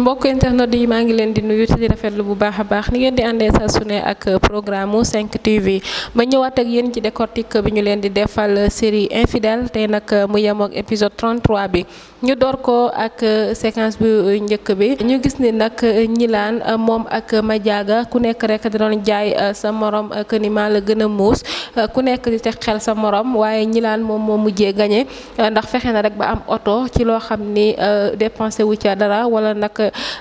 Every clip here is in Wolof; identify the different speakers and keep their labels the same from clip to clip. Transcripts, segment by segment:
Speaker 1: mbokk internet yi maa ngi leen di nuyu te di rafetlu bu baax a baax ni ngeen di àndee saa su ak programme 5 TV ma ñëwaat ak yéen ci décortique bi ñu leen di defal série infidèle tey nag mu yemoog épisode 33 bi ñu sekans ko ak séquence bu njëkk bi ñu gis ni nag ñilaan moom ak Madiaga ku nekk rek da doon jaay euh, sa morom euh, que ni maa la gën a muus euh, ku nekk di teg xel sa morom waaye ñilaan moom moo mujjee gagné ndax fexe na rek ba am oto ci loo xam ni wu dara wala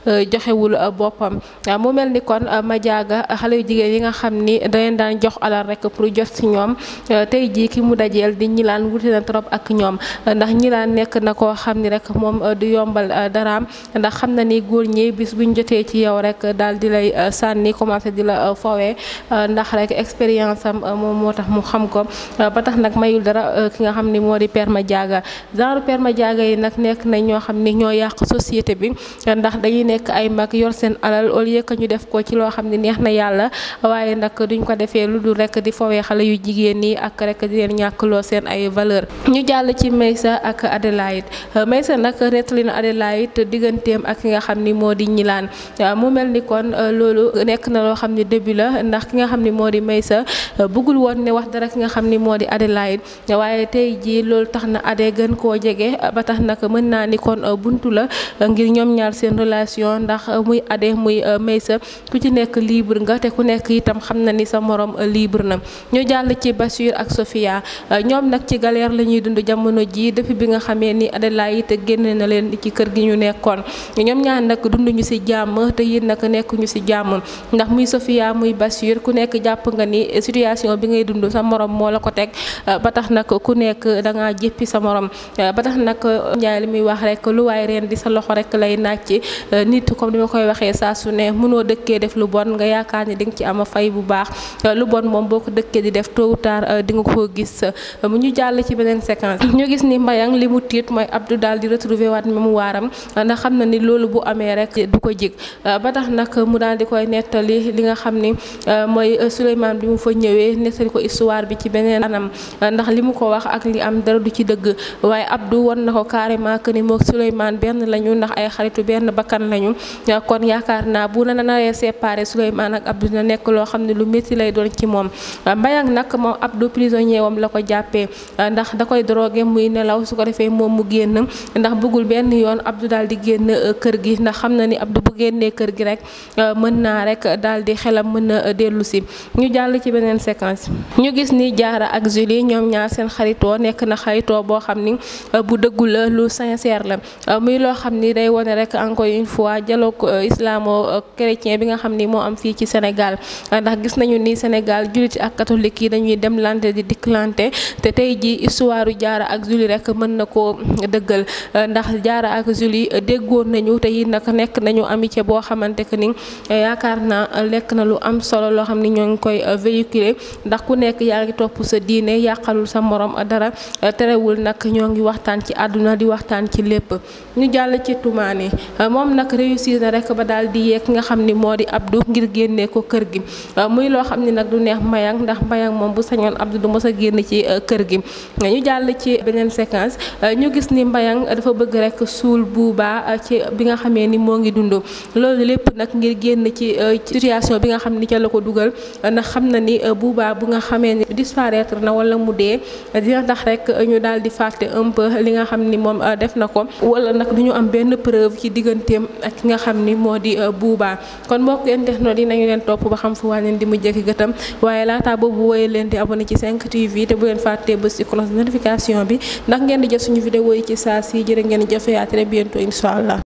Speaker 1: Euh, joxewul euh, boppam euh, mu mel ni kon ma jaaga xale yu jigéen yi nga xam ni daleen daan jox alal rek pour jot si ñoom tey jii ki mu dajeel di ñilaan wuti na trop ak ñoom ndax ñilaan nekk na koo xam ni rek moom du yombal daraam ndax xam na ni góor ñi bis buñ jotee ci yow rek daal di lay sànni commencé di la fowee ndax rek expérience am moom moo tax mu xam ko ba tax nag mayul dara ki nga xam ni moo di Père Madiaga genre Père Madiaga yi nag nekk nañ ñoo xam ni ñoo yàq société bi ndax ndax dañuy nekk ay mag yor sen alal au lieu que ñu def ko ci loo xam neex na yàlla waaye nag duñ ko defee lu rek di fowee xale yu jigéen yi ak rek di leen ñàkkloo seen ay valeur ñu jàll ci Maysa ak Adelaide Maysa nak nettali Adelaide digganteem ak ki nga xam ni moo di ñilaan mu melni kon loolu nekk na lo xam ni début la ndax nga xam ni moo bëggul ne wax dara nga xam ni Adelaide waaye tey jii loolu tax na Ade gën ko jege ba tax nag mën ni kon buntu la ngir ñoom ñaar sen relation ndax euh, muy Adé muy euh, Meysa ku ci nekk libre nga te ku nekk itam xam na ni sa morom euh, libre na ñu jàll ci Bassir ak Sofia ñoom nag ci galère lañuy dund jamono jii def bi nga xamee ni te génn na leen ci kër gi ñu nekkoon ñoom ñaan nag dunduñu ci jàmm te yéen nag nekkuñu ci jàmm ndax muy Sofia muy Bassir ku nekk jàpp nga ni situation bi ngay dund sa moroom moo la ko teg batax tax nag ku nekk danga ngaa jéppi sa morom ba tax nag Njaay li muy wax rek lu Euh, nit comme ni ma koy waxee saa su ne mënoo dëkkee def lu bon nga yaakaar ni dinga nga ci am fay bu baax euh, lu bon moom boo ko dëkkee di def tôt ou tard euh, di nga ko gis mu ñu jàll ci beneen séquence ñu gis ni Mbayang li mu tiit mooy Abdou daal di retrouver waat mémoire am ndax xam na ni loolu bu amee rek du ko jig ba tax nag mu daal di koy nettali li nga xam ni mooy Souleymane bi mu fa ñëwee nettali ko histoire bi ci beneen anam ndax li mu ko wax ak li am dara du ci dëgg waaye Abdou won na ko ni moog Souleymane benn lañu ay xaritu benn bakkan lañu kon yaakaar naa bu na naree séparé Souleymane ak Abdou dina nekk loo xam ne lu métti lay doon ci moom Mbayang nag moom Abdou prisonnier wam la ko jàppee ndax da koy drogué muy nelaw su ko defee moom mu génn ndax bëggul benn yoon Abdou daal di génn euh, kër gi ndax xam na ni Abdou bu génnee kër gi rek euh, mën naa rek daal di xelam mën na euh, dellu ñu jàll ci beneen séquence ñu gis ni Diarra ak Julie ñoom ñaar seen xaritoo nekk na xaritoo boo xam ni bu dëggul lu sincère la muy loo xam ni day wone rek encore encore une fois dialogue euh, islamo euh, chrétien bi nga xam ni moo am fii ci senegal euh, ndax gis nañu ni senegal jullit ak katolik yi dañuy demlante lante di dikklante te tey ji histoire jaara ak Julie rek mën na koo dëggal ndax jaara ak Julie déggoon nañu te yi nag nekk nañu amitié boo xamante que ni yaakaar naa lekk na lu am solo loo xam ni ñoo ngi koy véhiculer ndax ku nekk yaa ngi topp sa diine yàqalul sa moroom dara terewul nag ñoo ngi waxtaan ci àdduna di waxtaan ci lépp ñu moom nag réussir na rek ba daal di yeeg nga xam ni moo di Abdou ngir génnee ko kër gi euh, muy loo xam ni nag du neex Mbayang ndax Mbayang moom bu sañoon Abdou du mos a génn ci euh, kër gi ñu jàll ci beneen séquence euh, ñu gis ni Mbayang dafa bëgg rek suul Buuba ci bi nga xamee ni moo ngi dund loolu lépp nag ngir génn ci situation bi nga xam ni ca la ko dugal ndax xam na ni Buuba bu nga xamee ni disparaître na wala mu dee dina tax rek ñu daal di fàtte un peu li nga xam ni moom def na ko wala nag du ñu am benn preuve ci diggante digganteem ak ki nga xam ni moo di euh, Bouba kon mbokk internet yi nañu leen topp ba xam fu waa leen di mu jekki gëtam waaye laata boobu wooye leen di abonné ci 5 TV te bu leen fàttee bës ci cloche notification bi ndax ngeen di jot suñu vidéo yi ci saa si jërë ngeen jëfee à très bientôt incha allah